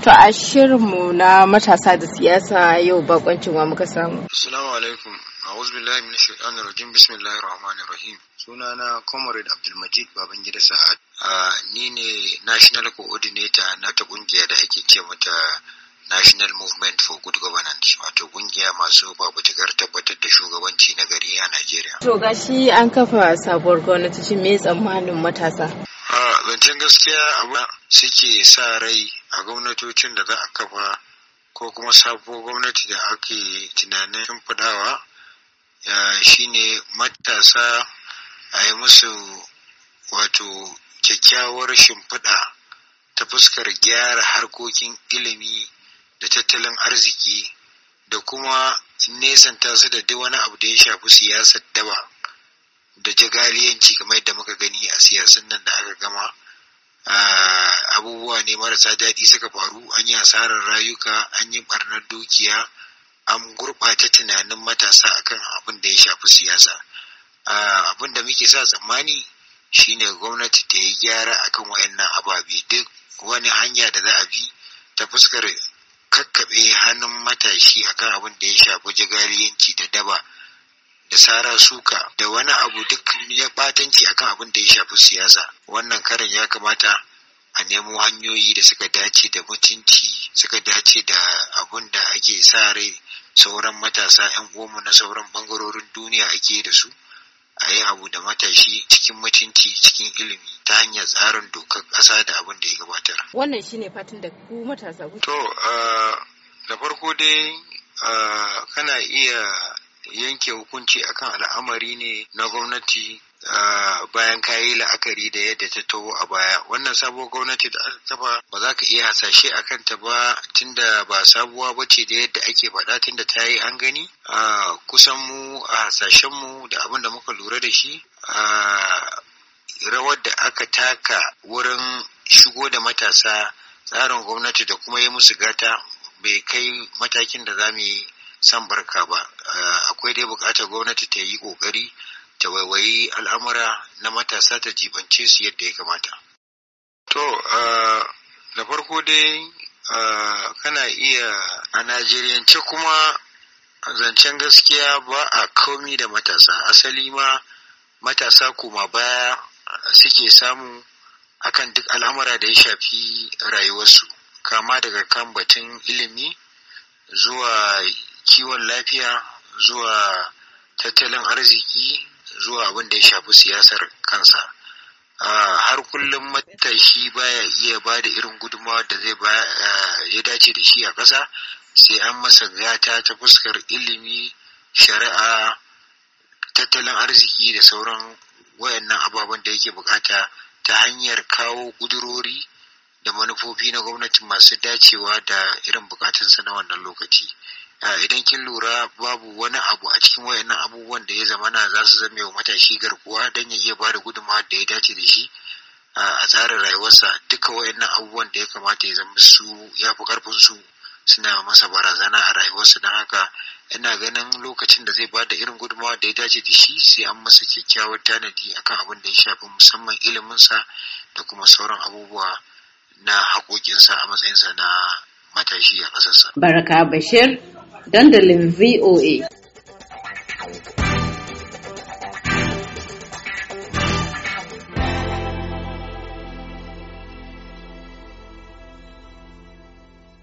To a shirinmu na matasa da siyasa yau bakoncin wa muka samu. Assalamu alaikum. A'udhu billahi minash shaitanir rajim. Bismillahir rahmanir rahim. Sunana Comrade Abdulmajid Babangida Sa'ad. Ah, ni ne National Coordinator na ta kungiya da ake ce mata National Movement for Good Governance wato kungiya masu fafutukar tabbatar da shugabanci na gari a Najeriya. To gashi an kafa sabuwar gwamnati shi me tsammanin matasa? A zancen gaskiya abin suke sa rai a gwamnatocin da za a kafa ko kuma sabuwar gwamnati da ake tunanin shimfiɗawa shine matasa a yi musu wato kyakkyawar shimfiɗa ta fuskar gyara harkokin ilimi da tattalin arziki da kuma nesanta su da duk wani abu da ya shafi siyasar daba da jagaliyanci kamar yadda muka gani a siyasan nan da aka gama abubuwa ne marasa daɗi suka faru an yi asarar rayuka an yi ɓarnar dukiya an gurɓata tunanin matasa akan abin da ya shafi siyasa abin da muke sa tsammani shine gwamnati ta yi gyara akan wayannan ababe duk wani hanya da za a bi ta fuskar kakkaɓe hannun matashi akan abin da ya shafi jigariyanci da daba da sara suka da wani abu duk ya batanci akan abin da ya shafi siyasa wannan karin ya kamata a nemo hanyoyi da suka dace da mutunci suka dace da abin da ake sa rai sauran matasa 'yan goma na sauran bangarorin duniya ake da su a yi abu da matashi cikin mutunci cikin ilimi ta hanyar tsarin dokar ƙasa da abin da ya gabatar. Wannan shi ne fatan da ku matasa ku. To, da farko dai kana iya yanke hukunci akan al'amari ne na gwamnati bayan kayi la'akari da yadda ta taho a baya wannan sabuwar gwamnati da aka kafa ba za ka iya hasashe a kanta ba tunda ba sabuwa ba ce da yadda ake faɗa tunda ta yi an gani a kusan mu a hasashen mu da abin da muka lura da shi rawar da aka taka wurin shigo da matasa tsarin gwamnati da kuma yi musu gata bai kai matakin da za mu yi san barka ba akwai dai bukatar gwamnati ta yi ƙoƙari ta waiwayi al'amura na matasa ta jibance su yadda ya kamata. To, da farko dai kana iya a Najeriyance kuma zancen gaskiya ba a komi da matasa, asali ma matasa kuma baya suke samu akan duk al'amura da ya shafi rayuwarsu, kama daga kan batun ilimi zuwa kiwon lafiya zuwa tattalin arziki zuwa abin da ya shafi siyasar kansa har kullum matashi baya iya ba da irin gudumawa da zai ya dace da shi a ƙasa sai an masa gata ta fuskar ilimi shari'a tattalin arziki da sauran wayannan ababen da yake bukata ta hanyar kawo ƙudurori da manufofi na gwamnati masu dacewa da irin bukatunsa na wannan lokaci Ah, idan kin lura babu wani abu a cikin wayannan abubuwan da ya zamana za su zame wa matashi garkuwa don ya iya ba da gudunmawa da ya dace da shi ah, a tsarin rayuwarsa duka wayannan abubuwan da ya kamata ya zama su ya fi karfin su suna masa barazana a rayuwarsa don haka ina ganin lokacin da zai ba da irin gudunmawa da ya dace da shi sai an masa kyakkyawar tanadi akan abin da ya shafi musamman iliminsa da kuma sauran abubuwa na haƙoƙinsa a matsayinsa na matashi a ƙasarsa. Baraka Bashir, dandalin VOA.